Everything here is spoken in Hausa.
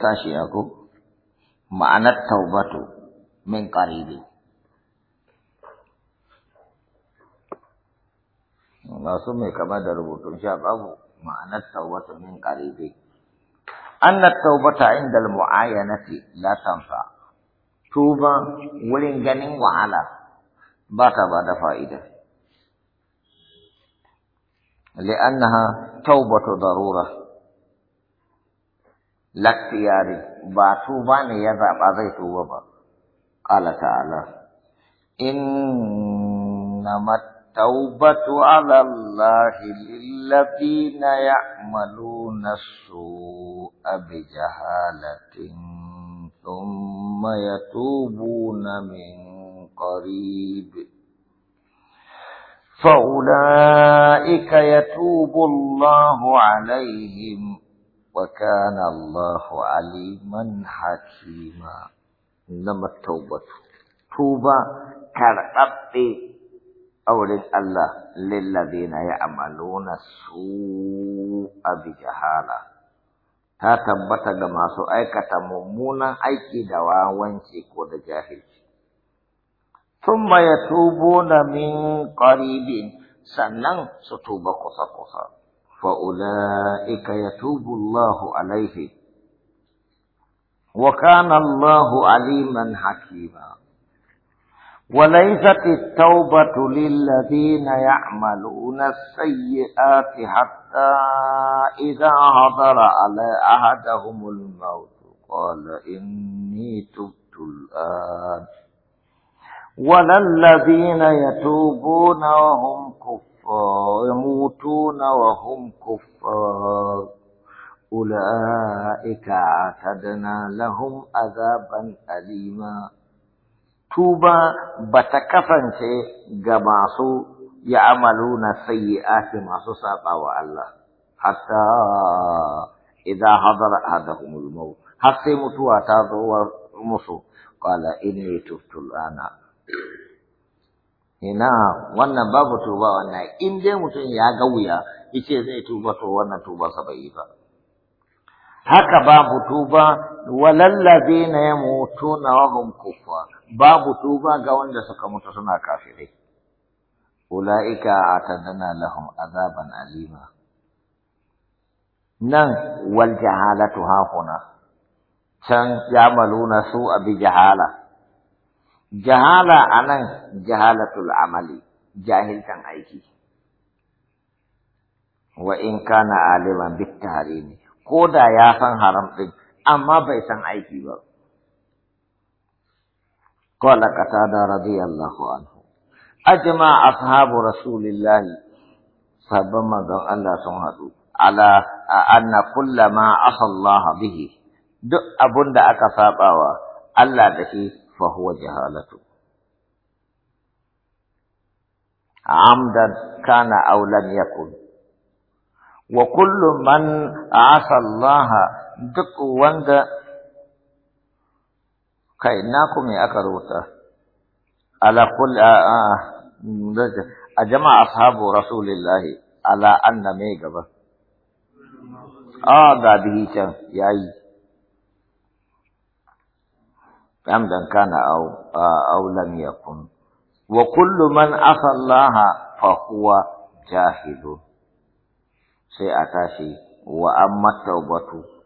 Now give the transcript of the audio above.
tashi ya ko ma'anar taubatu min qaribi masu mai kama da rubutun sha babu ma'anar taubatu min qaribi anna taubata inda al-mu'ayanati la tanfa tuba wurin ganin wahala ba ta ba da fa'ida li'annaha taubatu darura لاختياري باتوبان يذهب أذيتوب قال تعالى إنما التوبة على الله للذين يعملون السوء بجهالة ثم يتوبون من قريب فأولئك يتوب الله عليهم وكان الله عليما حكيما إنما التوبة توبة كرقبت أولد الله للذين يعملون السوء بجهالة ta tabbata ga masu aikata mummunan aiki da wawanci ko da jahilci. Tumma ya tubo na min ƙaribin sannan su tuba kusa-kusa. فأولئك يتوب الله عليه وكان الله عليما حكيما وليست التوبة للذين يعملون السيئات حتى إذا حضر على أحدهم الموت قال إني تبت الآن ولا الذين يتوبون وهم كفار يموتون وهم كفار أولئك اعتدنا لهم عذابا أليما توبة بتكفن شيء جماسو يعملون سيئات ما سساقا الله حتى إذا حضر أحدهم الموت حتى متوا تاضوا ومصوا قال إني تبت الآن ina wannan babu tuba wannan in dai mutum ya ga wuya yace zai tuba to wannan tuba sa bai yi ba haka babu tuba walallazina yamutuna wa hum kufa babu tuba ga wanda suka mutu suna kafirai ulaika atadana lahum azaban alima nan wal jahalatu hakuna can ya maluna su abi jahala jahala anan nan jahalatul amali kan aiki wa in kana aliman bit tahrimi ko da ya san haram din amma bai san aiki ba qala qatada radiyallahu anhu ajma ashabu rasulillah sabama manzon Allah sun hadu. ala anna kullama asallaha bihi duk abun da aka sabawa Allah da shi فهو جهالة عمدا كان أو لم يكن وكل من عصى الله دق وند يا كروتا على كل آه، آه، أجمع أصحاب رسول الله على أن ميقبا آه بعده يا am dan kana aw aw lam yakun wa kullu man asallaha fa huwa jahilun sai a tashi wa amma taubatu